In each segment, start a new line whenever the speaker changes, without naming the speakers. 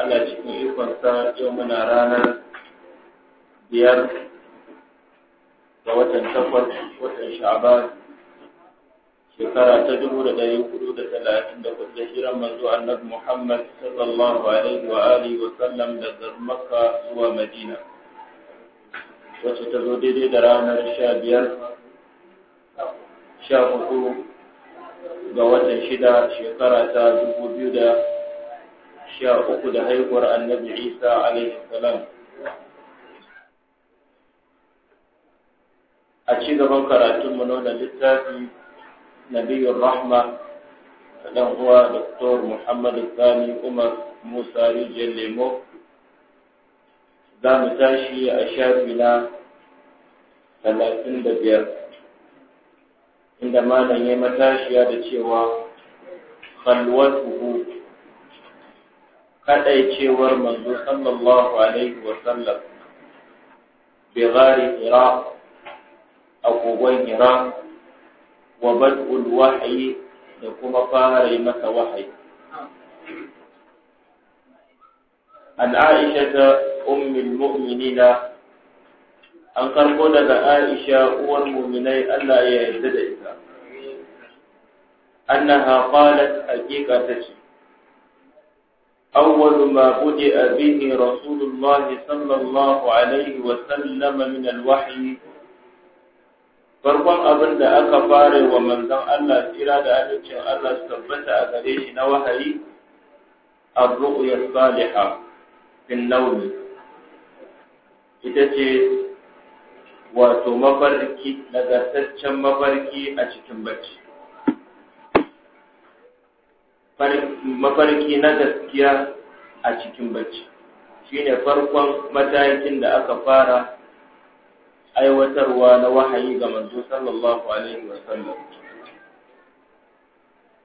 Allah cikin ikonsa yau muna ranar biyar ga watan takwas watan sha'ban shekara ta dubu da ɗari hudu da talatin da kudu shirin manzo annabi Muhammad sallallahu alaihi wa alihi wa sallam daga Makka zuwa Madina wacce ta zo daidai da ranar sha biyar sha hudu ga watan shida shekara ta dubu biyu da sha uku da haihuwar annabi isa alaihi salam a ci gaban mu na littafi nabiyun rahma dan uwa doktor muhammad sani umar musa rijiyar lemo za mu tashi a shafi na talatin da biyar inda malam ya matashiya da cewa خلوته cewar manzo sallallahu alaihi wa sallam bi gari iraq a kogon iraq wa bad'ul wahyi da kuma fara masa wahayi an aisha ta ummul mu'minina an karbo daga aisha uwar mu'minai Allah ya yarda da ita annaha qalat haqiqa tace أول ما بدأ به رسول الله صلى الله عليه وسلم من الوحي
farkon abin da aka fara wa
manzon Allah tsira da amincin Allah su tabbata a gare shi na wahayi ar-ru'ya salihah fil nawm ita ce wato mafarki nagartaccen mafarki a cikin bacci mafarki na gaskiya a cikin bacci shine farkon matakin da aka fara aiwatarwa na wahayi ga manzo sallallahu alaihi wasallam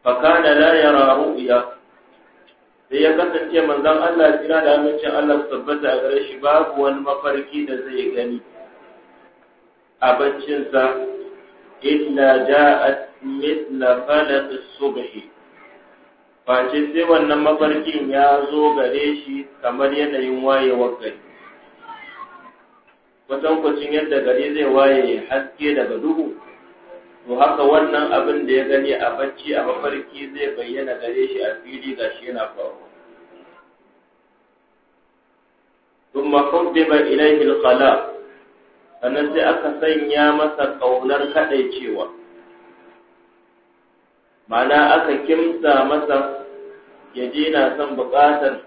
fakana la yara ru'ya sai ya kasance manzon Allah jira da amincin Allah tabbata a gare shi babu wani mafarki da zai gani a baccinsa illa ja'at mithla falaq subhi ce sai wannan mafarkin ya zo gare shi kamar yanayin wayewar gari kwacin yadda gari zai waye haske daga duhu to haka wannan abin da ya gani a bacci a mafarki zai bayyana gare shi a fili ga shi yana faruwa ثم حبب إليه القلاء sannan sai aka sanya masa ƙaunar kaɗaicewa cewa Ma'ana aka kimsa masa ya je na son buƙatar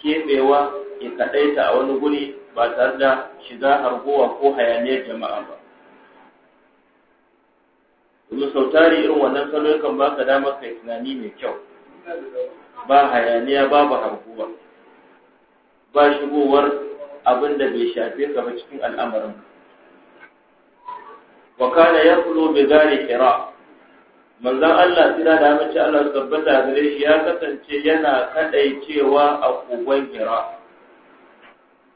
keɓewa ya kaɗaita a wani guri ba tare da shiga harguwa ko hayaniyar jama'a ba domin sau tari irin wannan salo yakan ba ka damar kai tunani mai kyau
ba hayaniya babu
harguwa ba shigowar abin da bai shafe ka ba cikin al'amarin wa kana kulo bai gane hira manzan Allah tira da amince Allah su tabbata gare shi ya kasance yana cewa a kogon Hira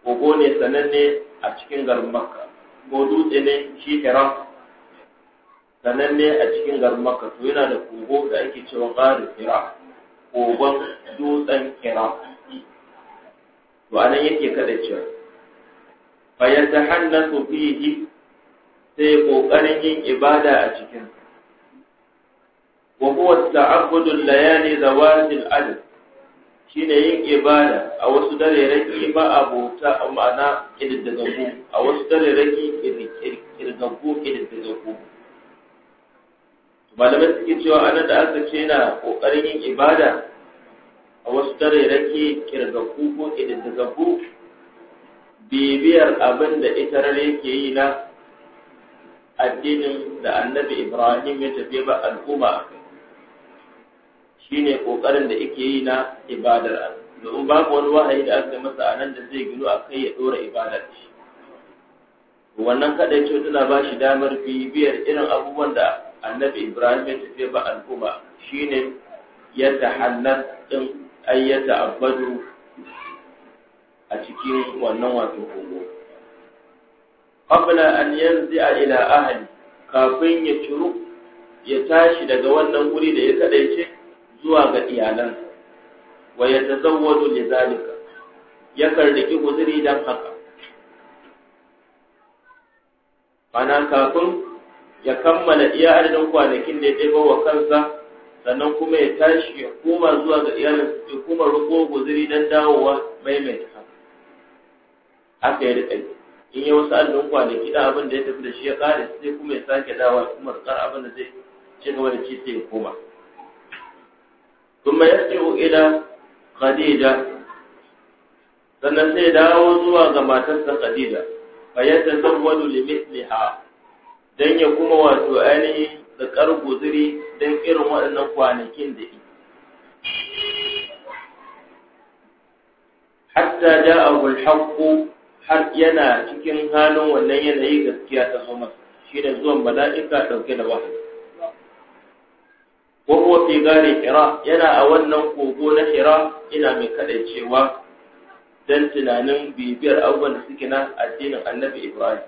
kogo ne sananne a cikin garin Makka ko dutse ne shi Hira sananne a cikin garin Makka to yana da kogo da ake cewa Gharu Hira kogon dutsen Hira to anan yake kadaicewa fa yatahannasu fihi sai kokarin yin ibada a cikinsa wa huwa ta'abbudul layali zawatil adad shine yin ibada a wasu raki ba abota ma'ana kididdigaggu a wasu dare dareraki kididdigaggu kididdigaggu malamai suke cewa anan da aka ce na kokarin yin ibada a wasu dare dareraki kirgaggu ko kididdigaggu bibiyar abin da ita rare ke yi na addinin da annabi ibrahim ya tafi ba al'umma a kai shine kokarin da yake yi na ibadar domin babu wani wahayi da aka masa a nan da zai gino a kai ya ɗora ibadar shi wannan kaɗai ce tana ba shi damar bibiyar irin abubuwan da annabi ibrahim ya tafi ba al'umma shine ya tahannas din ayyata abadu a cikin wannan wato kogo qabla an yanzi'a ila ahli kafin ya turu ya tashi daga wannan guri da ya kadaice zuwa ga iyalansa wa li zalika ya karriki guzuri dan haka Bana kafin ya kammala iya adadin kwanakin da ya ɗebo wa kansa sannan kuma ya tashi ya koma zuwa ga iyalinsa ya kuma rubo guzuri dan dawowa maimaita haka haka ya riƙa in yi wasu adadin kwanaki da abin da ya tafi da shi ya ƙare sai kuma ya sake dawa kuma ƙar abin da zai ci gaba da ci sai ya koma ثم يرجع إلى خديجة sannan sai dawo zuwa ga matarsa Khadija fa yadda zawwadu li mithliha dan ya kuma wato ainihin da kargo zuri dan irin waɗannan kwanakin da hatta da al-haqq har yana cikin halin wannan yanayi gaskiya ta zo shi da zuwan mala'ika dauke da wahayi wa huwa fi gari hira yana a wannan kogo na hira ina mai cewa dan tunanin bibiyar abubuwan da suke na addinin annabi ibrahim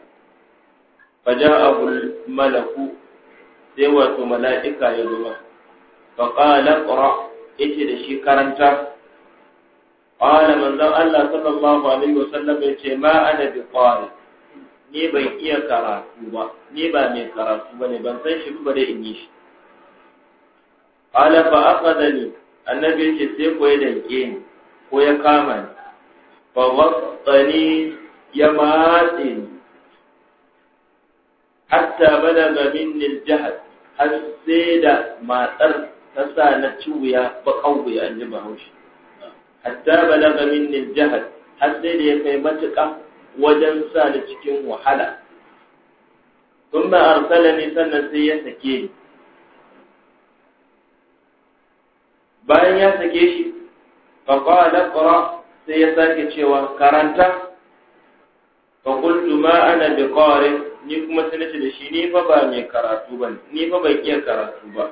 faja'ahu malaku sai wato mala'ika ya zo fa qala qra ite da shi karanta qala manzo Allah sallallahu alaihi wasallam ce ma ana bi qari ni ban iya karatu ba ni ba mai karatu bane ban san shi ba dai in yi shi qala fa akhadani annabi yake sai ko ya danke ni ko ya kama ni fa wasani ya matse ni hatta balaga minni al-jahd har sai da matsar ta sa na ci wuya bakan wuya an ji bahaushe hatta balaga minni al-jahd har sai da ya kai matuka wajen sa ni cikin wahala thumma arsalani sannan sai ya sake ni bayan ya sake shi fa qala qra sai ya sake cewa karanta fa qultu ma ana biqari ni kuma sai da shi ni fa ba mai karatu ba ni fa bai iya karatu ba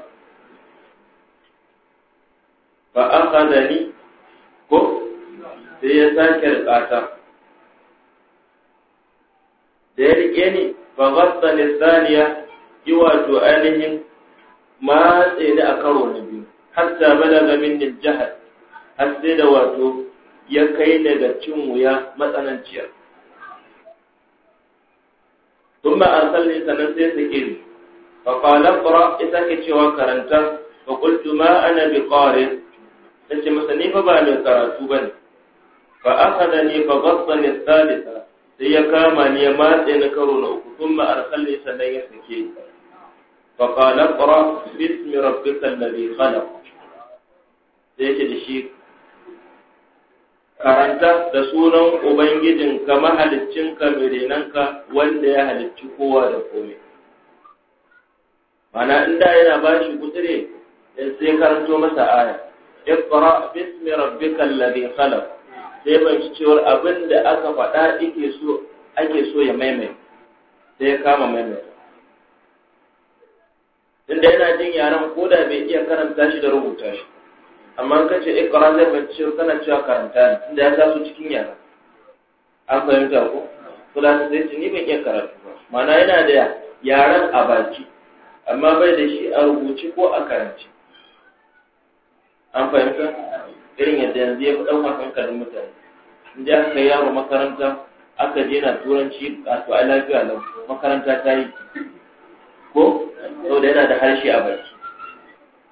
fa ni ko sai ya sake rikata da ya rike ni fa ghassa lisaniya yi wato ainihin matse da a karo ne hatta balaga minni al-jahal har sai da wato ya kai daga cin wuya matsananciyar thumma arsalni sanan sai sake ni fa qala qra ita ke cewa karanta fa qultu ma ana biqari tace masa ni fa ba mai karatu bane fa akhadani fa ghassani thalitha sai ya kama ni ya matse na karo na uku thumma arsalni sanan ya sake fa qala qra bismi rabbika alladhi khalaq da yake da shi karanta da sunan ubangijinka mahaliccinka mai renanka wanda ya halicci kowa da komai mana in da yana ba shi kutsire eh, sai karanto masa aya iqra bismi rabbikal ladhi khalaq sai ban ci cewar abin da aka faɗa ake so ake so ya maimai sai ya kama maimai Inda yana jin yaran koda bai iya karanta shi da rubuta shi amma ka ce ikra eh, zai bacci kana cewa karanta ne inda ya su cikin yara an fahimta ko kula sai ce ni ban iya karatu ba mana yana da yaran a baki amma bai da shi a rubuce ko a karance an fahimta irin yadda yanzu ya fi ɗaukar kalin mutane in ji aka yaro makaranta aka je na turanci a to ai lafiya lau makaranta ta yi ko saboda yana da harshe a baki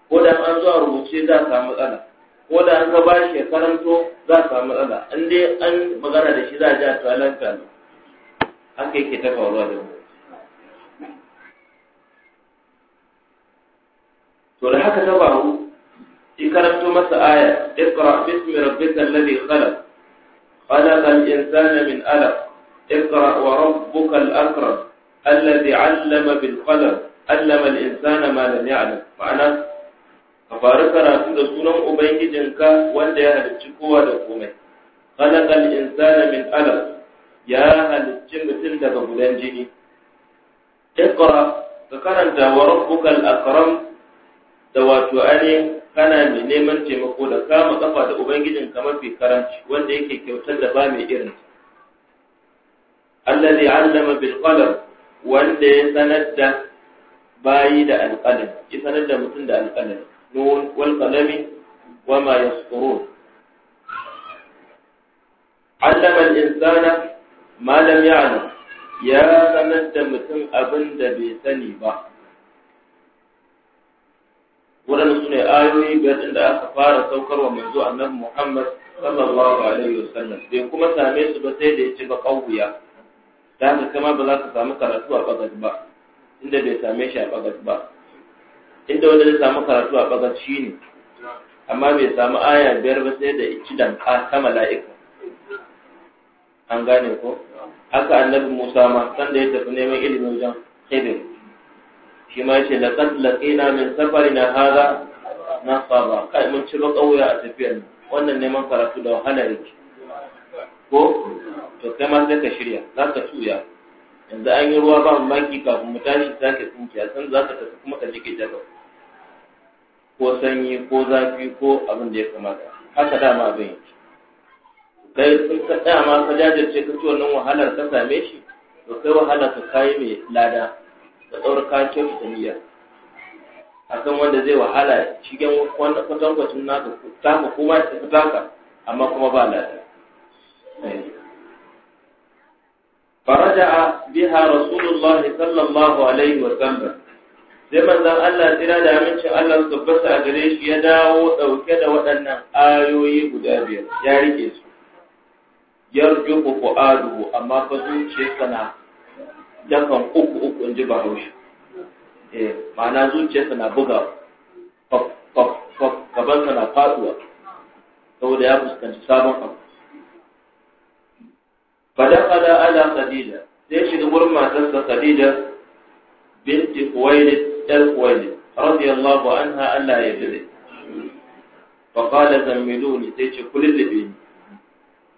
ko da an zo a rubuce za a samu matsala ko da an ga bashi ya karanto za a samu matsala in dai an magana da shi za a ji a talanta ne haka yake ta faruwa da mu to da haka ta faru shi karanto masa aya iqra bismi rabbika alladhi khalaq khalaqal insana min alaq iqra wa rabbukal akram alladhi 'allama bil qalam 'allama al insana ma lam ya'lam ma'ana ka faru karatu da sunan ubangijinka wanda ya halicci kowa da komai khalaqal insana min alaq ya halicci mutum daga gudan jini iqra ka karanta wa rabbukal akram da wato ane kana mai neman taimako da kama kafa da ubangijinka mafi karanci wanda yake kyautar da ba mai irin allazi allama bil qalam wanda ya sanar da bayi da alqalam ya sanar da mutum da alqalam نون والقلم وما يسطرون علم الإنسان ما لم يعلم ya sanar da mutum abin da bai sani ba wurin su ne ayoyi biyar da aka fara saukarwa manzo annabi Muhammad sallallahu alaihi wasallam bai kuma same su ba sai da ya ci ba kauya da haka kama ba za ka samu karatu a bagas ba inda bai same shi a bagas ba inda wanda zai samu karatu a bagar shi ne amma bai samu aya biyar ba sai da dan ka ta mala'ika an gane ko haka annabi musa ma sanda ya tafi neman ilimin wajen khidir shi ma yace laqad laqina min safarina hadha nasaba kai mun ci ba kauya a tafiyar wannan neman karatu da wahala yake ko to kai ma sai ka shirya za ka tuya yanzu an yi ruwa ba maki kafin mu tashi sake tsinkiya san za ka tafi kuma ka jike jaba ko sanyi ko zafi ko abin da ya kamata haka dama abin yi. kai sun ka dama ka jajirce ka ci wannan wahalar ka same shi to kai wahala ka kayi mai lada da tsawar kayan kyautu ta a kan wanda zai wahala cikin wannan kwatankwacin naka taka kuma ta taka amma kuma ba lada فرجع بها رسول الله صلى الله عليه وسلم sai manzan Allah tsira da amincin Allah su tabbata a gare shi ya dawo ɗauke da waɗannan ayoyi guda biyar ya rike su yarju fu'aduhu amma fa zuciyarsa na dakan uku uku in ji bahaushe eh ma'ana zuciyarsa na buga kaban faf na faɗuwa. saboda ya fuskanci sabon abu fadakala ala khadija sai shiga gurin matarsa khadija binti khuwailid yar kuwaili radiyallahu anha Allah ya jire fa qala zammiluni sai ce kulillibe ni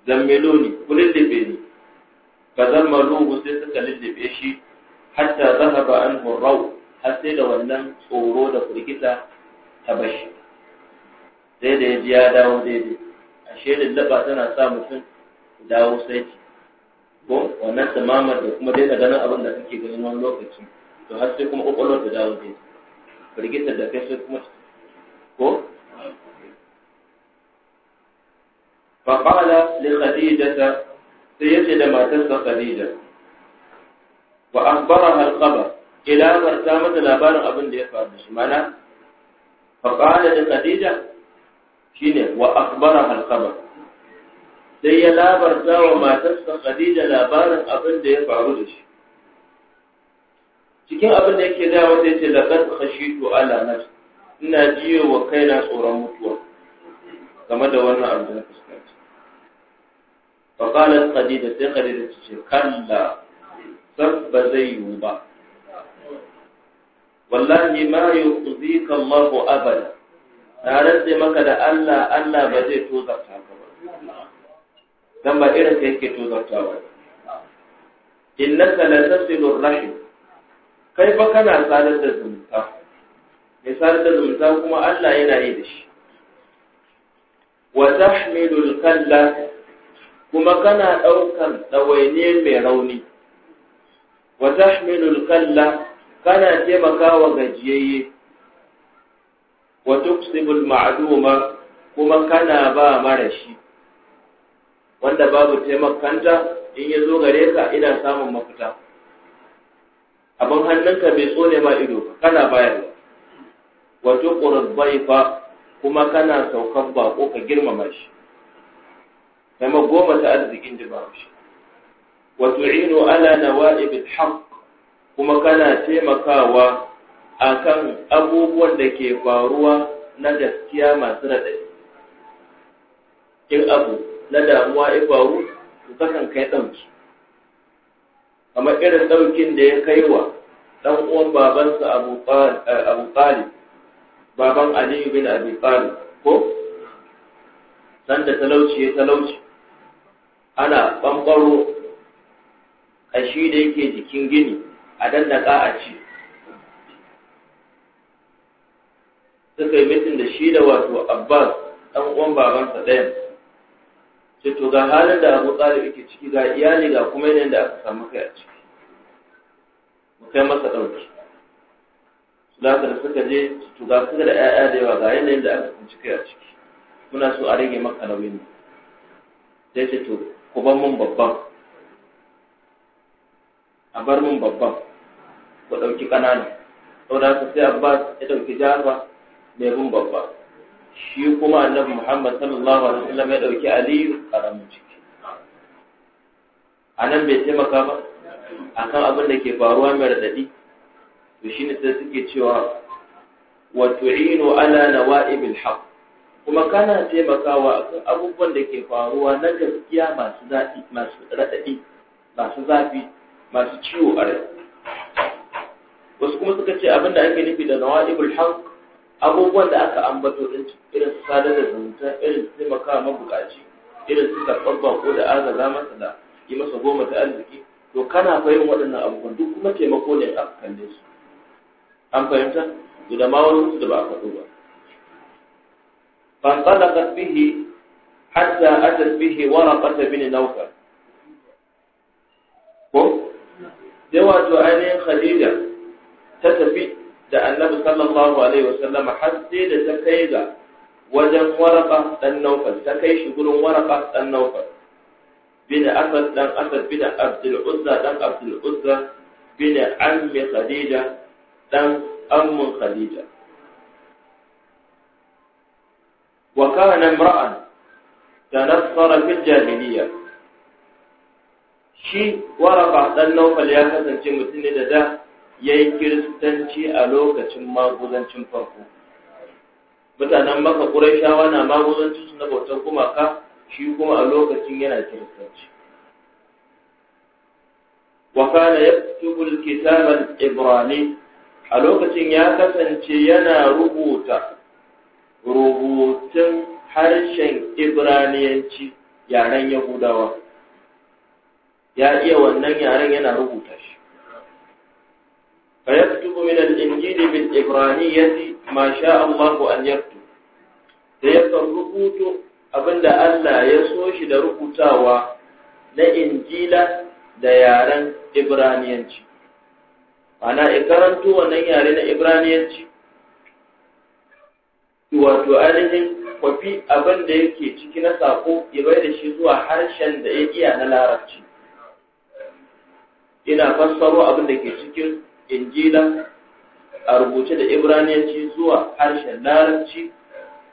zammiluni kulillibe ni fa zammaluhu sai suka lillibe shi hatta zahaba anhu raw har sai da wannan tsoro da firgita ta bashi sai da ya ji ya dawo daidai ashe lallaba tana sa mutum dawo sai ko wannan tamamar da kuma daina ganin abin da kake ganin wani lokaci to har sai kuma ƙwaƙwalwar ta dawo ne firgitar da kai sai kuma ko فقال لخديجة سيجد ما تنسى خديجة وأخبرها الخبر إلى مرتامة لابان أبن دي فاردش معنى فقال لخديجة شيني وأخبرها الخبر sai ya labarta wa matarsa Khadija labarin abin da ya faru da shi. cikin abin da yake da wanda yace laqad khashitu ala nafsi ina jiyo wa kaina tsoron mutuwa game da wannan abin da fuskanci fa qalat khadija sai khadija ta ce kalla sab ba zai yiwu ba wallahi ma yuqzika allah abada na rantse maka da Allah Allah ba zai tozarta ka ba dan ba irin ka yake tozartawa innaka la tasilu rahim kai fa kana sadar da zumunta mai sadar da zumunta kuma Allah yana yi da shi wa tahmilul kalla kuma kana ɗaukan ne mai rauni wa tahmilul kalla kana taimakawa gajiyayye wa tuksibul ma'luma kuma kana ba mara shi wanda babu taimakanta in ya zo gare ka ina samun mafita abin hannunka bai tsone ma ido ba kana wato wa bai fa kuma kana saukan bako ka girmama shi kama goma ta arzikin da ba shi wato ino ala nawa'ib al kuma kana taimakawa a kan abubuwan da ke faruwa na gaskiya masu raɗaɗi in abu na damuwa ya faru su kakan kai ɗauki kamar irin ɗaukin da ya kai wa ɗan uwan babansa abu ƙali eh, baban aliyu bin abi ƙali ko sanda talauci ya talauci ana a ƙashi da yake jikin gini a dandaka a ci suka yi mitin da shi da wato abbas ɗan uwan babansa ɗayan ce to ga halin da abu tsari yake ciki ga iyali ga kuma yanayin da aka samu kai a ciki mu kai masa ɗauki su da suka je to ga suka da 'ya'ya da yawa ga yanayin da aka tsinci ciki a ciki muna so a rage maka nauyin sai ce to ku bar mun babban a bar mun babban ku ɗauki ƙanana saboda haka sai abbas ya ɗauki jarba mai bin babba shi kuma annabi Muhammad sallallahu alaihi wasallam ya dauki Aliyu karamin ciki anan bai taimaka ba akan abin da ke faruwa mai radadi to shine sai suke cewa wa tu'inu ala nawa'ibil haqq kuma kana taimakawa akan abubuwan da ke faruwa na gaskiya masu zafi masu radadi masu zafi masu ciwo a rai wasu kuma suka ce abin da ake nufi da nawa'ibul haqq abubuwan da aka ambato din irin su sadar da zumunta irin su taimaka mabukaci irin su karɓar bako da agaza masa da yi masa goma ta arziki to kana fahimtar waɗannan abubuwan duk kuma taimako ne aka kalle su an fahimta to da ma wani da ba a faɗo ba فانطلقت hatta ata أتت wara ورقة bini nauka ko sai wato ainihin khadija ta tafi da annabi sallallahu alaihi wasallam har sai da ta kai ga wajen waraka dan naufal ta kai shi gurin waraka dan naufal bin asad dan asad bin abdul uzza dan abdul uzza bin ammi khadija dan ammun khadija wa kana imra'an tanassara fil jahiliyyah shi waraka dan naufal ya kasance mutum ne da da ya yi kiristanci a lokacin maguzancin farko mutanen maka shawa na maguzancin su na bautar gumaka shi kuma a lokacin yana kiristanci ya fi yaktubu kitabar ibrani a lokacin ya kasance yana rubuta rubutun harshen ibraniyanci yaren yahudawa ya iya wannan yaren yana rubuta shi فيكتب من الإنجيل بالإبرانية ما شاء الله أن يكتب سيكتب ربوت أبن ألا يسوش لربوتاوى لإنجيل ديارا إبرانيا أنا إكرنت ونيارنا إبرانيا wato ainihin kwafi abin da yake ciki na sako ya bai da shi zuwa harshen da ya iya na larabci ina fassaro abin da ke cikin injila a rubuce da ibraniyanci zuwa harshen larabci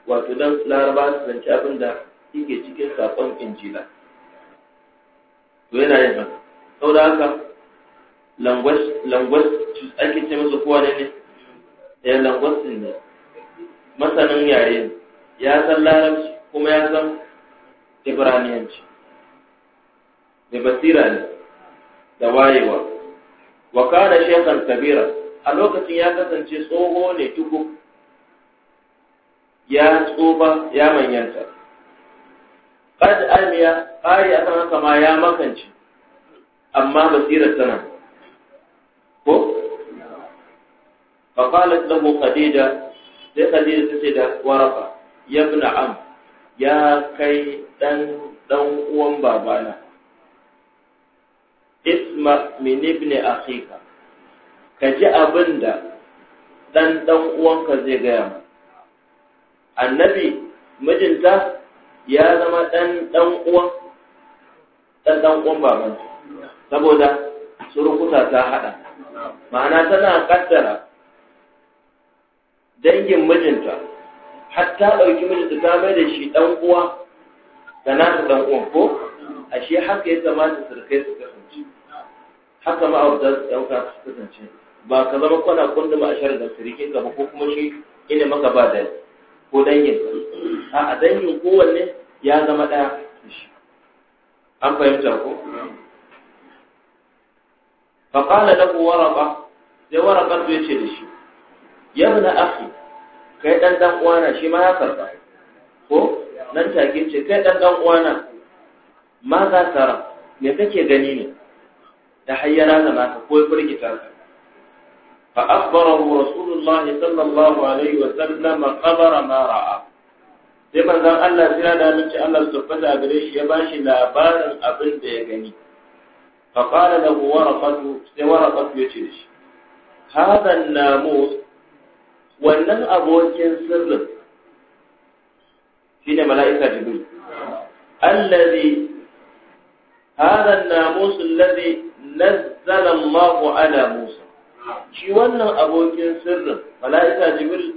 wato don laraba su ci abin da yake cikin sakon injila
to yana yin haka
sau da haka langwas ake ce masa kowa ne ya eh, langwas ne masanin yare ya san larabci kuma ya san ibraniyanci Mai basira ne da wayewa wa kana shekar kabira a lokacin ya kasance tsoho ne tuku ya tsoba ya manyanta qad almiya qari a haka kama ya makance amma basirar tana ko fa lahu khadija sai khadija ce da warafa ya Na'am am ya kai dan dan uwan babana ba min ibn akhika ka ji abin da dan dan uwanka zai gaya ma annabi mijinta ya zama dan dan uwa dan dan uwan baban saboda surukuta ta hada ma'ana tana kaddara dangin mijinta hatta dauki mijinta ta mai da shi dan uwa da nasu dan uwan ko ashe haka ya su surkai su haka ma ma'aurata ɗauka su kasance ba ka zama kwana ma a sharar da sirikin ka ba ko kuma shi ina maka ba da ko dangin ka a dangin kowanne ya zama ɗaya an fahimta ko fa qala lahu ba, sai waraqa to ce da shi ya na akhi kai dan dan uwana shi ma ya karba ko nan take ce kai dan dan uwana ma za tara me kake gani ne da hayyana da naka ko firgita ka fa akhbarahu rasulullah sallallahu alaihi wa sallam ra'a sai manzon Allah sai da ci Allah su tabbata gare shi ya bashi labarin abin da ya gani fa qala lahu fatu sai ya ce shi hada namus wannan abokin sirrin shine mala'ika jibril allazi hada namus allazi nazzala Allahu ala Musa shi wannan abokin sirrin mala'ika Jibril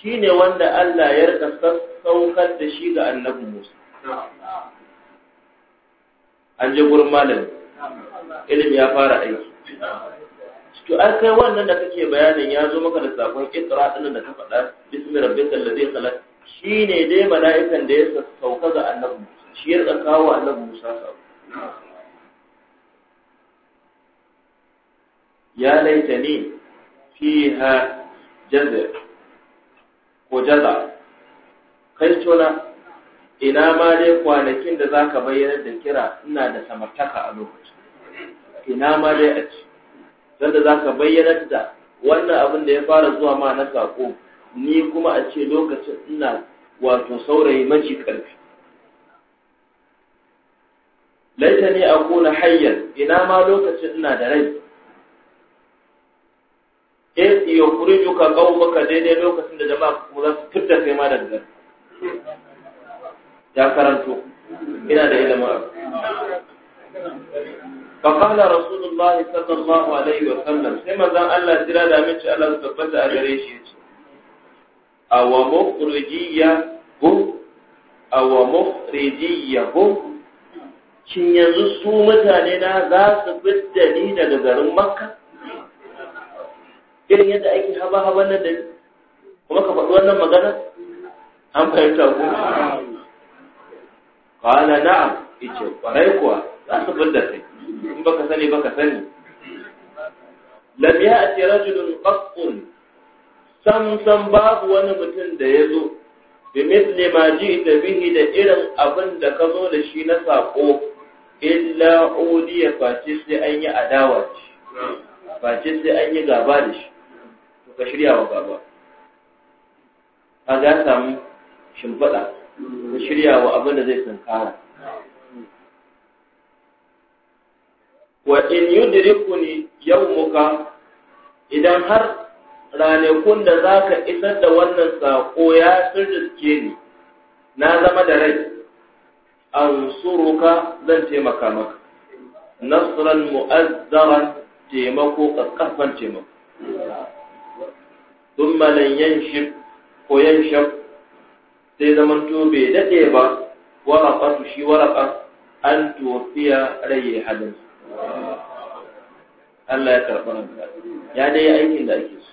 shine wanda Allah ya rika saukar da shi ga Annabi Musa an je gurin malami ilimi ya fara aiki to an kai wannan da kake bayanin ya zo maka da sakon ikra din da ka faɗa bismi rabbikal ladzi khalaq shine dai mala'ikan da ya sauka ga annabi Musa shi ya kawo annabi Musa sabo ya laitani fiha jazir ko jaza kai tona ina ma dai kwanakin da zaka bayyana da kira ina da samartaka a lokacin ina ma dai a ci sanda zaka bayyana da wannan abin da ya fara zuwa ma na sako ni kuma a ce lokacin ina wato saurayi maji karfi laita ni a kona hayyar ina ma lokacin ina da rai sai ya kuri juka gawo maka daidai lokacin da jama'a kuma za su fitta sai ma daga ya karanto ina da ilimin abu
fakala rasulullah
sallallahu alaihi wa sallam sai mazan allah jira da mace allah su tabbata a gare shi ce awa mukhrijiya ko awa mukhrijiya ko kin yanzu su mutane na za su fitta ni daga garin makka irin yadda ake haba haban nan da kuma ka faɗi wannan magana an fahimta ko qala na'am ice kwarai kuwa za su bar da kai in baka sani baka sani a ya'ti rajulun qattun sam sam babu wani mutum da ya zo bi ne ma ji da bihi da irin abin da ka zo da shi na saƙo illa odiya face sai an yi adawa ce face sai an yi gaba da shi ka shirya wa garuwa a za samu shimfiɗa ka shirya wa abin da zai tunkara wa in yudrikuni yawmuka idan har ranakun da za ka isar da wannan saƙo ya sun riske ni na zama da rai an suruka zan taimaka maka nasran mu'azzaran taimako ƙaƙƙarfan taimako ثم لن ينشب وينشب sai zamanto bai daɗe ba waraqatu shi waraqa an tuwafiya rayi halin Allah ya karɓi nan ya dai yi aikin da ake so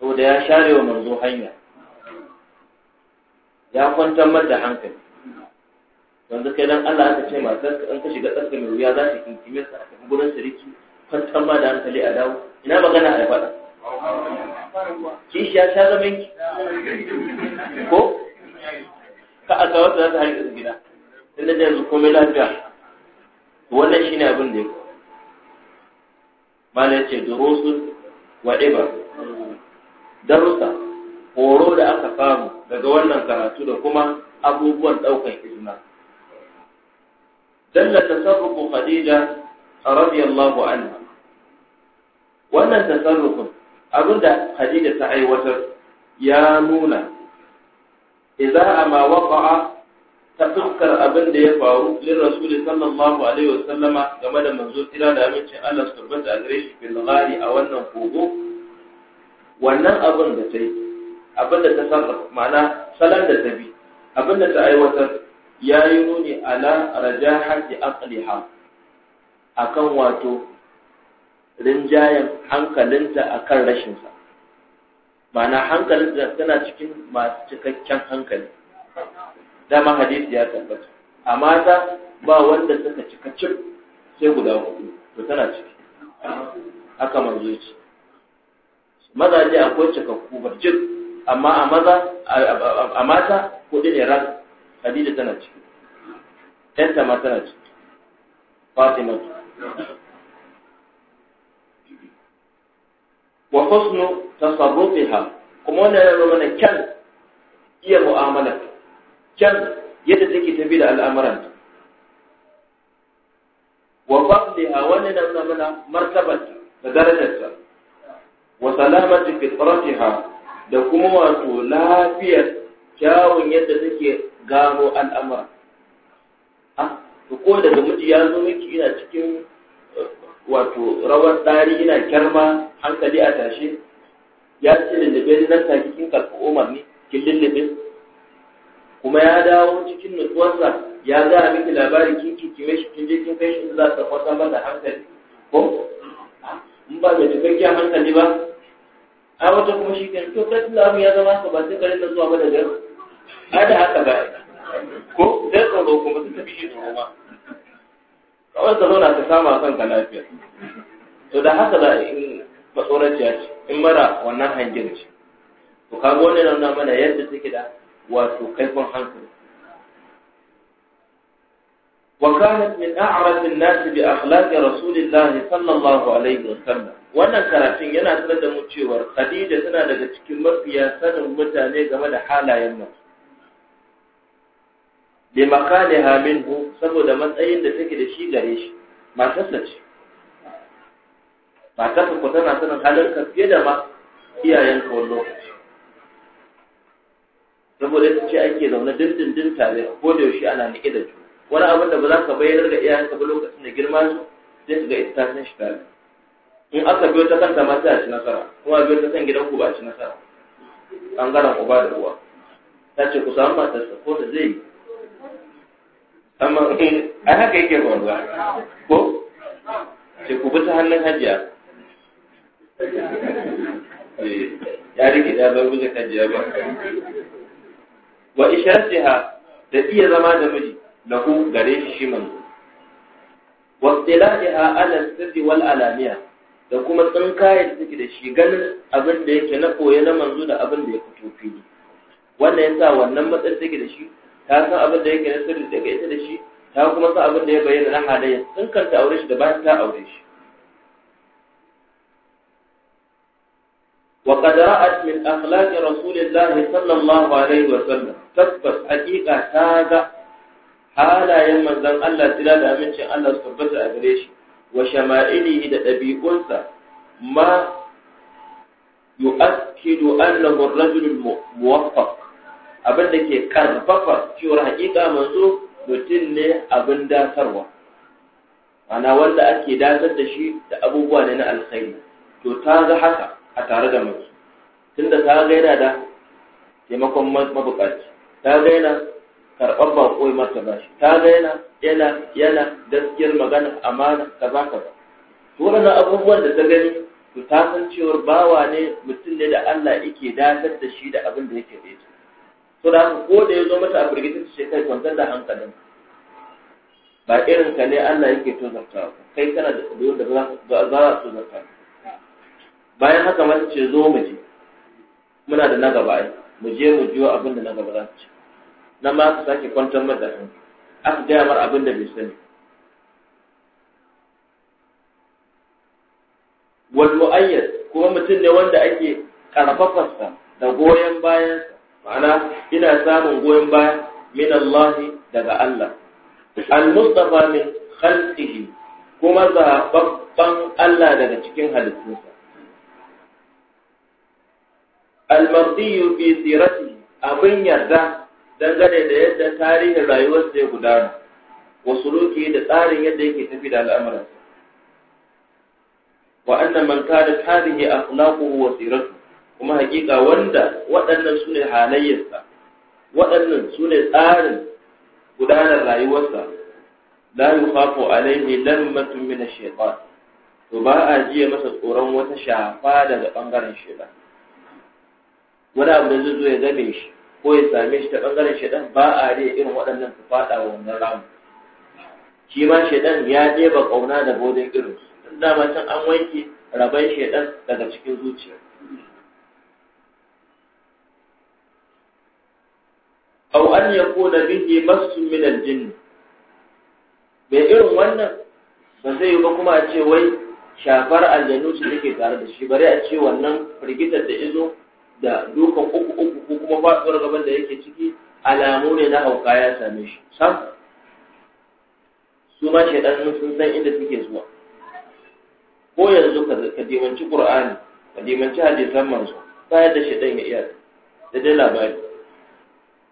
saboda ya share wa manzo hanya ya kwantar da hankali yanzu kai dan Allah aka ce matar in ka shiga tsarka mai wuya za ta kinkime sa a tafi gurin sarki kwantar da hankali a dawo ina magana a faɗa kishiya ta zama ki ko ka a kawar da za ta harika gida sai da yanzu komai lafiya wannan shine abin da ya mala ya ce durusun wa ibar darussa horo da aka samu daga wannan karatu da kuma abubuwan ɗaukan izina dalla tasarrufu khadija radiyallahu anha wannan tasarrufin abinda Khadija ta aiwatar ya nuna idza ama waqa'a ta abin da ya faru lin rasul sallallahu alaihi wasallama game da manzo tsira da amincin Allah subhanahu wa a gare shi fil ghali a wannan kogo wannan abin da ta yi abin da ta sarrafa ma'ana salon da ta bi abin da ta aiwatar ya yi nuni ala rajahati aqliha akan wato rinjayen hankalinta a kan rashinsa ma'ana hankalinta tana cikin masu cikakken hankali dama hadisi ya tabbata a mata ba wanda suka cika cin sai guda hudu to tana ciki haka manzo Maza mazaje akwai cikakku ba cik, amma a maza a mata kudi ne ran Khadija tana ciki ɗanta ma tana ciki Fatima wa husnu tasarrufiha kuma wannan yana mana kyan iya mu'amala kyan yadda take tafi da al'amuran wa fadliha wannan yana mana martabar da darajarta wa salamati fitratiha da kuma wato lafiyar kyawun yadda take gano al'amura ah to ko daga miji ya zo miki ina cikin wato rawar ɗari ina kyarma hankali a tashe ya ce bai nan take kin karɓi ne kin lullube kuma ya dawo cikin nutsuwarsa ya ga miki labarin kin kikime shi kin je kin kai shi za ta ba da hankali ko in ba da cikakken hankali ba a wata kuma shi kan to kai lamu ya zama ka ba sai ka rinna zuwa ba da gari a da haka ba ko sai tsoro kuma su tafi shi tsoro ma kawai ka zauna ta sama kanka lafiya to da haka za in matsoraciya ce in mara wannan hangin ce to kaga wani nuna mana yadda take da wato kaifin hankali وكانت من أعرف الناس بأخلاق رسول الله صلى الله عليه وسلم wannan karatun yana sanar da mu cewar Khadija tana daga cikin mafiya sanin mutane game da halayen nan bi makaniha minhu saboda matsayin da take da shi gare shi matarsa ce matarsa ko tana sanin halarka fiye da ma iyayen wani lokaci saboda ita ce ake zaune dindindin tare ko da yaushe ana niƙe da juna wani abin da ba za ka bayyana ga iyayenka ba lokacin da girma su sai su ga ita ta san shi tare in aka biyo ta kanta ma sai a ci nasara kuma biyo ta san gidan ku ba a ci nasara ɓangaren uba da uwa ta ce ku samu matarsa ko da zai yi amma a haka yake faruwa ko ce ku bi ta hannun hajiya
eh,
ya rike da bar mijin hajiya ba wa ha, da iya zama da miji ku gare shi shi manzo wa istilahiha ala sirri wal alamiya, da kuma tsinkaye da take da shi ganin abin da yake na koye na manzo da abin da ya fito fili wannan yasa wannan matsayin take da shi ta san abin da yake nasiru daga ita da shi ta kuma san abin da ya bayyana na halayya, sun karta aure shi da ba ta aure shi wa qad min akhlaqi rasulillah sallallahu alaihi wa sallam tabbas haqiqa ta ga halayen manzon Allah Tira da amincin Allah su tabbata a gare shi wa shama'ilihi da dabi'unsa ma yu'akkidu annahu ar-rajulu al-muwaffaq abin da ke karfafa cewar haƙiƙa manzo mutum ne abin datarwa ana wanda ake datar da shi da abubuwa ne na alkhairi to ta ga haka a tare da mutum tunda ta ga yana da taimakon mabukaci ta ga yana karɓar baƙo masa bashi ta ga yana yana yana gaskiyar magana amana ka ba. to wannan abubuwan da ta gani to ta san cewar bawa ne mutum ne da Allah yake datar da shi da abin da yake daidai to da haka ko da ya zo mata a firgita ce kai kwantar da hankalin ba irin ka ne Allah yake tozarta kai kana da tsibirun da za za a tozarta bayan haka mace ce zo mu je muna da na gaba mu je mu jiyo abin da na gaba za su ci nan ma aka sake kwantar mata da hankali aka gaya mar abin da bai sani wal mu'ayyad kuma mutum ne wanda ake karfafarsa da goyon bayansa ma'ana ina samun goyon baya min Allah daga Allah al-mustafa min khalqihi kuma zaɓaɓɓen Allah daga cikin halittunsa al-mardiyu bi sirati abin yarda dangane da yadda tarihin rayuwarsa ya gudana wasu loki da tsarin yadda yake tafi da al'amuransa wa annan man kanat hadhihi akhlaquhu wa siratuhu kuma hakika wanda waɗannan su ne halayyarsa waɗannan su ne tsarin gudanar rayuwarsa la yukhafu alaihi lammatun min ash-shaytan to ba a jiya masa tsoron wata shafa daga bangaren shaytan wani abu da zai zo ya game shi ko ya same shi ta bangaren shaytan ba a riya irin waɗannan su fada wa wannan ramu shi ma shaytan ya jeba ƙauna da godin irin su dama can an wanke raban shaytan daga cikin zuciya aw an yakuna bihi massun min al-jinn bai irin wannan ba zai yi ba kuma a ce wai shafar aljanu su take tare da shi bari a ce wannan firgitar da izo da dukan uku uku ko kuma faɗuwar gaban da yake ciki alamu ne na hauka ya same shi sam su ma shaidannin sun san inda suke zuwa ko yanzu ka dimanci qur'ani ka dimanci hadisan manzo bayar da shaidan ya iya da dai labari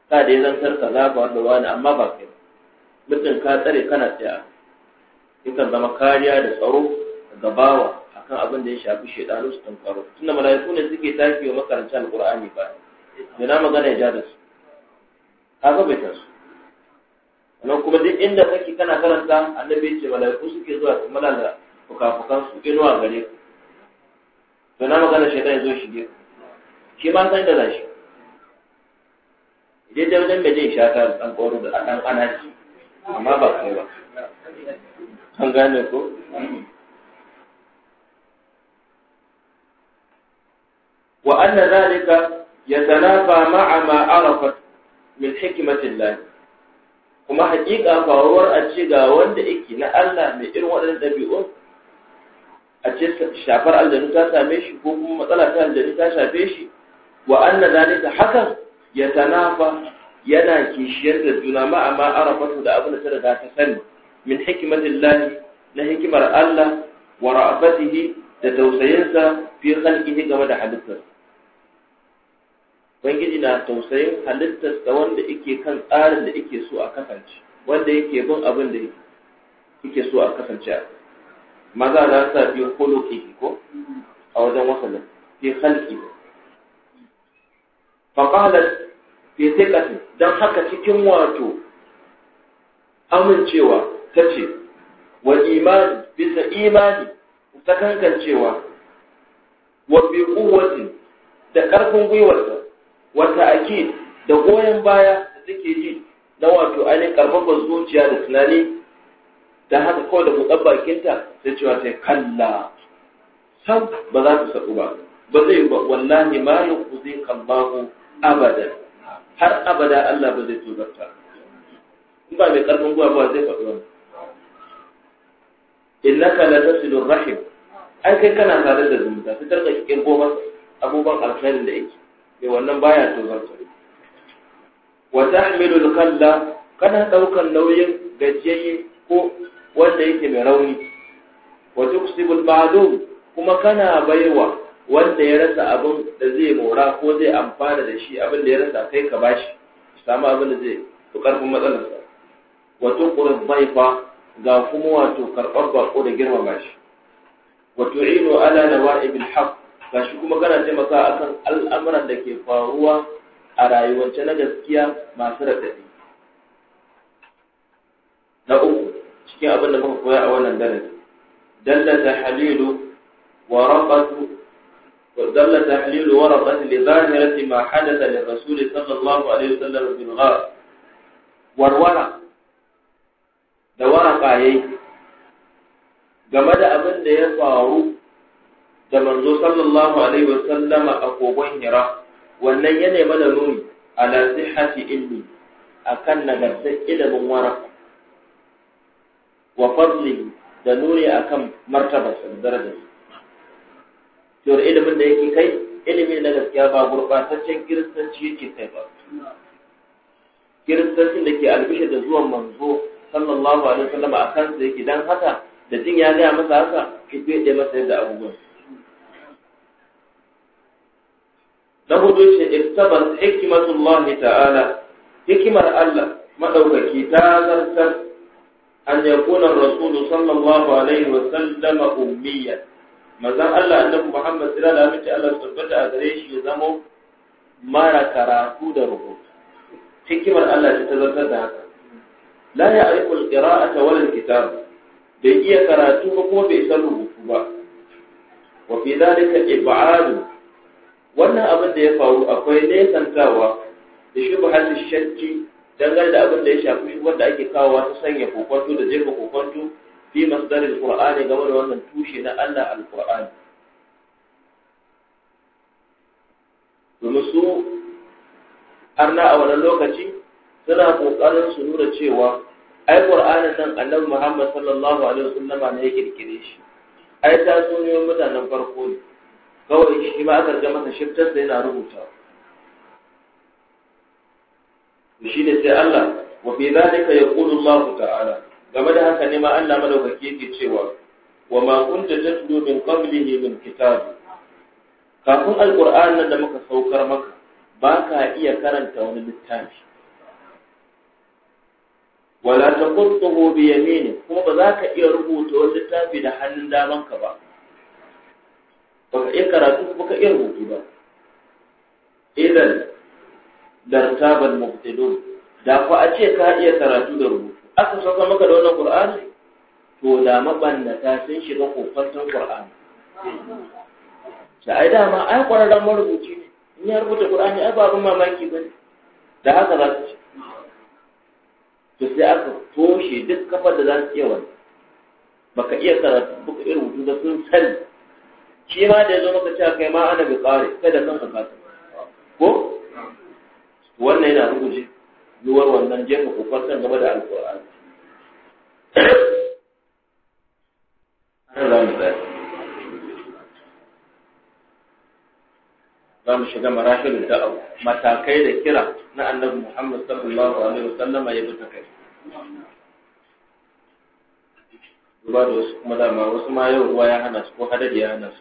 ka da ya zantar za ka wanda wani amma ba kai mutum ka tsare kana tsaya yakan zama kariya da tsaro ga bawa akan abin da ya shafi shaidanu su tunkaro tunda mala'iku ne suke tafi wa makarantar alkur'ani ba yana magana ya ja da su kaga bai tasu sannan kuma duk inda kake kana karanta annabi ce mala'iku suke zuwa su malala fukafukan su inuwa gare ku to na magana shekaru ya zo shige ku shi ma san da zashi dai wajen mai zai shata ɗan koro da ɗan ƙanaci amma ba kai ba an gane ko wa anna zalika yatanafa ma'a ma arafat min hikmatillah kuma haƙiƙa faruwar a ce ga wanda yake na Allah mai irin waɗannan ɗabi'un a ce shafar aljanu ta same shi ko kuma matsala ta aljanu ta shafe shi wa anna zalika hakan ya tanafa yana kishiyar da juna ma amma arafatu da abin da ta riga ta sani min hikmatillahi na hikimar Allah wa ra'afatihi da tausayinsa fi khalqihi game da halittar Ubangiji na tausayin halittar da wanda yake kan tsarin da yake so a kasance wanda yake bin abin da yake so a kasance maza da sa fi khuluqihi ko a wajen wasalin fi khalqihi fa qalat fi ka dan haka cikin wato amincewa tace wa imani bisa imani ta kankancewa wa bi quwwati da ƙarfin gwiwarsa wa ta'kid da goyon baya da take ji na wato ainihin karfafar zuciya da tunani da haka kawai da buɗar bakinta sai cewa sai kalla sam ba za ta saɓu ba ba zai ba wallahi ma yi kuzin kallahu abadan har abada Allah ba zai ta. in ba mai karfin guwa ba zai faɗi wani innaka la tasilu rahim ai kai kana tare da zumunta sai tarka cikin goma abubuwan alkhairin da yake mai wannan baya tozarta wa tahmilu al-kalla kana daukan nauyin gajiyayye ko wanda yake mai rauni wa tuksibu al kuma kana baiwa wanda ya rasa abin da zai mora ko zai amfana da shi abin da ya rasa kai ka bashi samu abin da zai fi karfin matsalarsa wato ƙurin baifa ga kuma wato karɓar bako da girmama shi wato ino ala na wa'ibil haq ga shi kuma kana taimaka akan al'amuran da ke faruwa a rayuwance na gaskiya masu raɗaɗi na uku cikin abin da muka koya a wannan darasi dallata halilu wa rabatu ودل تحليل ورقة لظاهرة ما حدث للرسول صلى الله عليه وسلم في الغار warwara da waraka ya yi game da abin da ya faru da manzo sallallahu alaihi wasallama a kogon hira wannan ya nema da nuni ala sihhati ilmi akan nagartar ilimin waraka wa fadli da nuni akan martabarsa da su. to da ilimin da yake kai ilimi na gaskiya ba gurbataccen kiristanci yake kai ba kiristancin da ke albishe da zuwan manzo sallallahu alaihi wasallam a kansa yake dan haka da jin ya gaya masa haka ki fede masa yadda abubuwan na hudu shi iktabar hikimatullahi ta'ala hikimar Allah madaukaki ta zartar an yakuna rasulu sallallahu alaihi wasallam ummiyyah Mazan Allah annabi Muhammad sallallahu alaihi wasallam Allah tabbata a gare shi ya zamo mara karatu da rubutu hikimar Allah ta tazartar da haka la ya'rifu al-qira'ata wal kitab bai iya karatu ba kuma bai san rubutu ba wa fi dhalika ib'adu wannan abin da ya faru akwai nesantawa da shubhat shakki dangane da abin da ya shafi wanda ake kawowa ta sanya kokonto da jefa kokonto fi masdarin qur'ani game da wannan tushe na Allah al-qur'ani domin su arna a wannan lokaci suna kokarin su nuna cewa ai qur'anin nan annabi Muhammad sallallahu alaihi wasallam ne ya ƙirƙire shi ai ta mutanen farko ne kawai shi ma aka ga masa shiftar yana rubuta shi ne sai Allah wa bi zalika yaqulu Allah ta'ala game da haka ne ma Allah madaukake yake cewa wa ma kunta tatlu min qablihi min kitab kafin alqur'an nan da muka saukar maka ba ka iya karanta wani littafi wala taqutuhu bi yamini kuma ba za ka iya rubuta wani littafi da hannun damanka ba ba ka iya karatu ba ka iya rubutu ba idan dartaban mubtilun da ku a ce ka iya karatu da rubutu aka sauka maka da wannan qur'ani to da mabannata sun shiga kofantan qur'ani da ai dama ai ƙwararren marubuci ne in ya rubuta qur'ani ai ba abin mamaki ba ne da haka za su ci to sai aka toshe duk kafar da za su iya wani baka iya karatu baka iya rubutu da sun sani shi ma da ya zo maka cewa kai ma ana bi kare kai da kanka ka ko wannan yana rubuce yiwuwar wannan jefa kokon gaba da alkur'an za mu tsaya za mu shiga marahilin da'awa matakai da kira na annabi muhammad sallallahu alaihi sallama ya bi ta kai duba da wasu kuma dama wasu ma yau ruwa ya hana su ko hadari ya hana su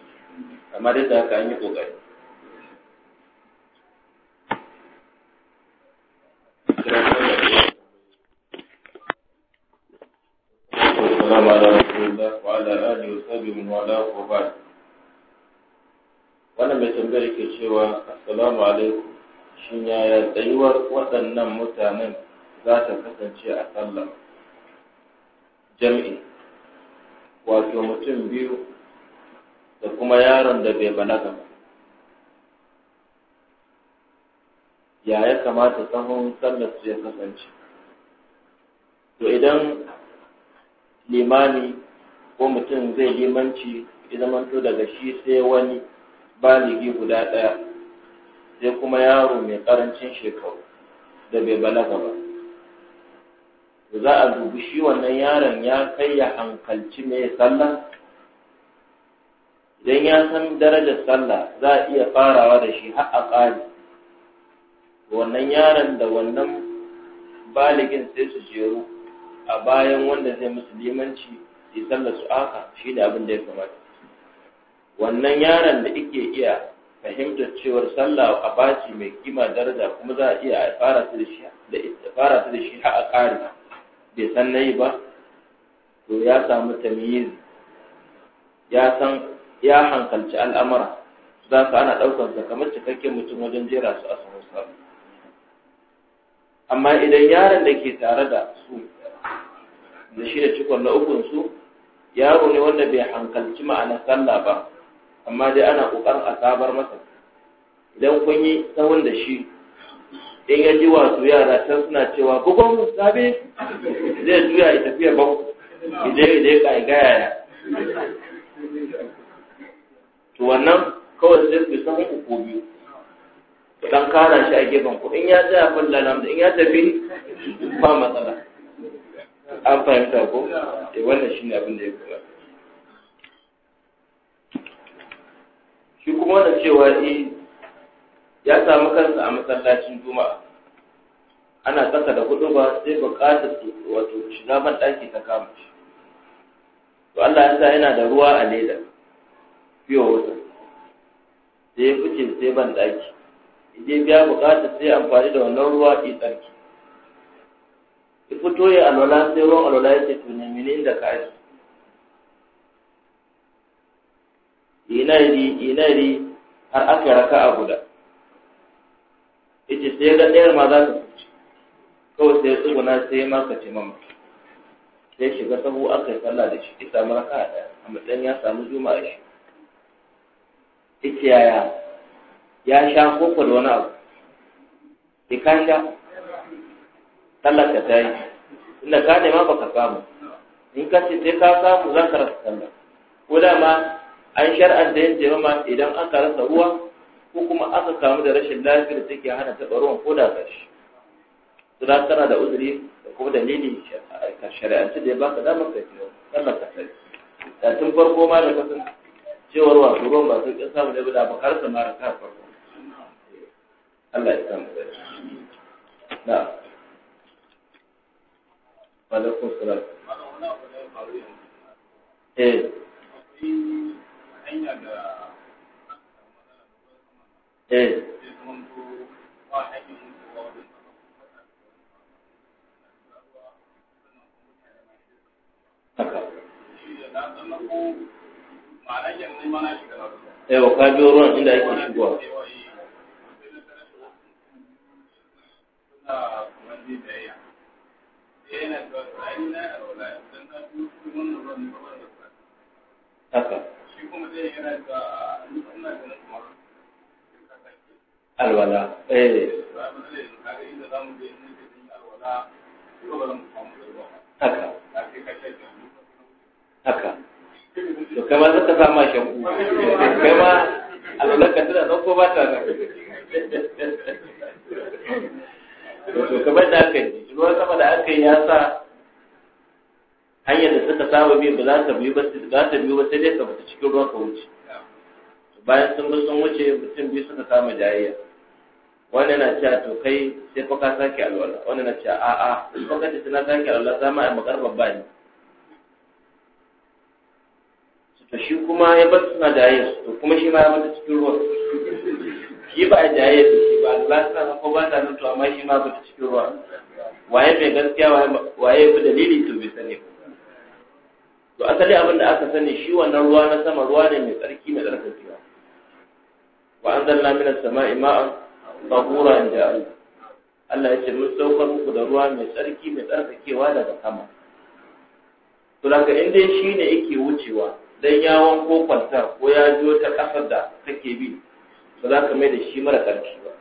amma duk da haka an yi kokari والسلام على رسول mai tambayar ke cewa assalamu alaikum shin yaya tsayuwar waɗannan mutanen za ta kasance a sallah jam'i wato mutum biyu da kuma yaron da bai balaga ba ya ya kamata sahun sallar su ya kasance to idan limani ko mutum zai limanci ya zamanto daga shi sai wani baligi guda ɗaya sai kuma yaro mai ƙarancin shekaru da bai balaga ba za a dubi shi wannan yaron ya kai ya hankalci mai sallah idan ya san darajar sallah za a iya farawa da shi har a ƙari wannan yaron da wannan baligin sai su jeru a bayan wanda zai musu limanci sai sallar su aka shi da abin da ya kamata wannan yaron da ke iya fahimtar cewar sallah a baci mai kima daraja kuma za a iya fara su da shi fara su da shi har a ƙari bai san nayi ba to ya samu tamyiz ya san ya hankalci al'amura za ka ana ɗaukar sa kamar cikakken mutum wajen jera su a sahun amma idan yaron da ke tare da su da shi da cikon na ukunsu, yaro ne wanda bai hankalci ma'anar sallah ba amma dai ana kokarin a sabar masa idan kun yi tsawon da shi in ya ji wasu yara can suna cewa bugon sabe zai juya ya tafiya ba idan ya je ka gaya ya to wannan kawai sai ku san uku ko biyu ku dan kara shi a gefen ku in ya tsaya fallalam da in ya tafi ba matsala an fahimta ko E, wannan shine abin da ya kula shi kuma wannan cewa eh ya samu kansa a masallacin juma ana tsaka da hudu ba sai buƙatar wato shiga ban ɗaki ta kama shi to Allah ya sa yana da ruwa a leda fiye wata sai ya fice sai ban daki idan biya buƙatar sai amfani da wannan ruwa ya tsarki ya ye ya alwala sai ruwan alwala ya ce ne inda ka aji inari inari har aka raka a guda ita sai ga ɗayar ma za ta fice kawai sai tsuguna sai ma ka ce mama sai shiga sahu aka yi sallah da shi ya samu raka a ɗaya amma ɗan ya samu juma'a shi ita yaya ya sha kofar wani abu ya ka sha sallar ka ta yi inda ka nema ba ka samu in ka ce sai ka samu za ka rasa sallar ko ma an da yin taimama idan aka rasa ruwa ko kuma aka kamu da rashin lafiyar da take hana taɓa ruwan ko da gashi su da tana da uzuri da kuma dalilin ka shari'ance da ya baka damar ka yi sallar ka ta yi da tun farko ma da kasan cewar wasu ruwan ba sun ƙin samu da bida ba rasa mara ka farko Allah ya samu da Walaikun salam. Eh. Eh. Haka. ka biyo ruwan inda shigowa. haka alwala eh
haka to kama za ta sama ku. kama alwala ka tana
nan ko ba ta nan to kamar da aka yi ruwan sama da aka yi ya sa hanyar da suka saba bi ba za ta biyu ba za ta biyu ba sai dai ka fita cikin ruwan ka wuce bayan sun bi sun wuce mutum biyu suka kama jayayya wani na cewa to kai sai fa ka sake alwala wani na cewa a'a fa ka ce na sake alwala za mu ai makar babba ne to shi kuma ya bar suna jayayya to kuma shi ma ya bata cikin ruwan shi ba a jayayya da shi ba Allah sa ko ba ta nutu amma shi ma bata cikin ruwan waye mai gaskiya waye bi dalili to bai sani ba to asali abin da aka sani shi wannan ruwa na sama ruwa ne mai tsarki mai tsarkakewa wa anzalna minas sama'i ma'an tahura inda Allah ya ce mun saukar muku da ruwa mai tsarki mai tsarkakewa daga sama to daga inda shi ne yake wucewa dan yawon ko kwanta ko ya jo ta kasar da kake bi ba za ka mai da shi mara tsarki ba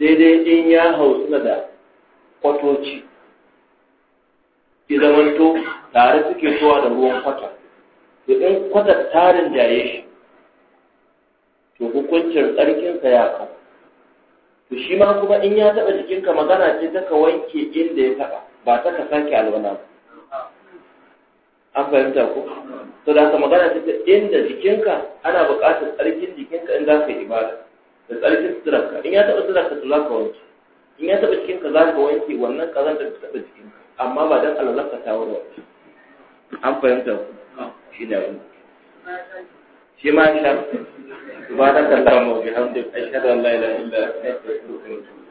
daidai in ya suna da kwatoci ya zamanto tare suke zuwa da ruwan kwata in kwata tarin jaye shi to hukuncin tsarkinsa ya kan to shi ma kuma in ya taɓa jikinka magana ce ta ka wanke inda ya taɓa ba ta ka sake alwala ba an fahimta ko to da ka magana ce ta inda jikinka ana buƙatar tsarkin jikinka in za ka yi ibada da tsarkin ka, in ya taɓa suturarka to za ka wanke in ya taɓa jikinka za ka wanke wannan ƙazantar ta taɓa jikinka amma ba don alwalar ka tawar wa an fahimta shi da wani shi ma shar subhanaka allahumma wa bihamdika ashhadu an la ilaha illa anta astaghfiruka wa atubu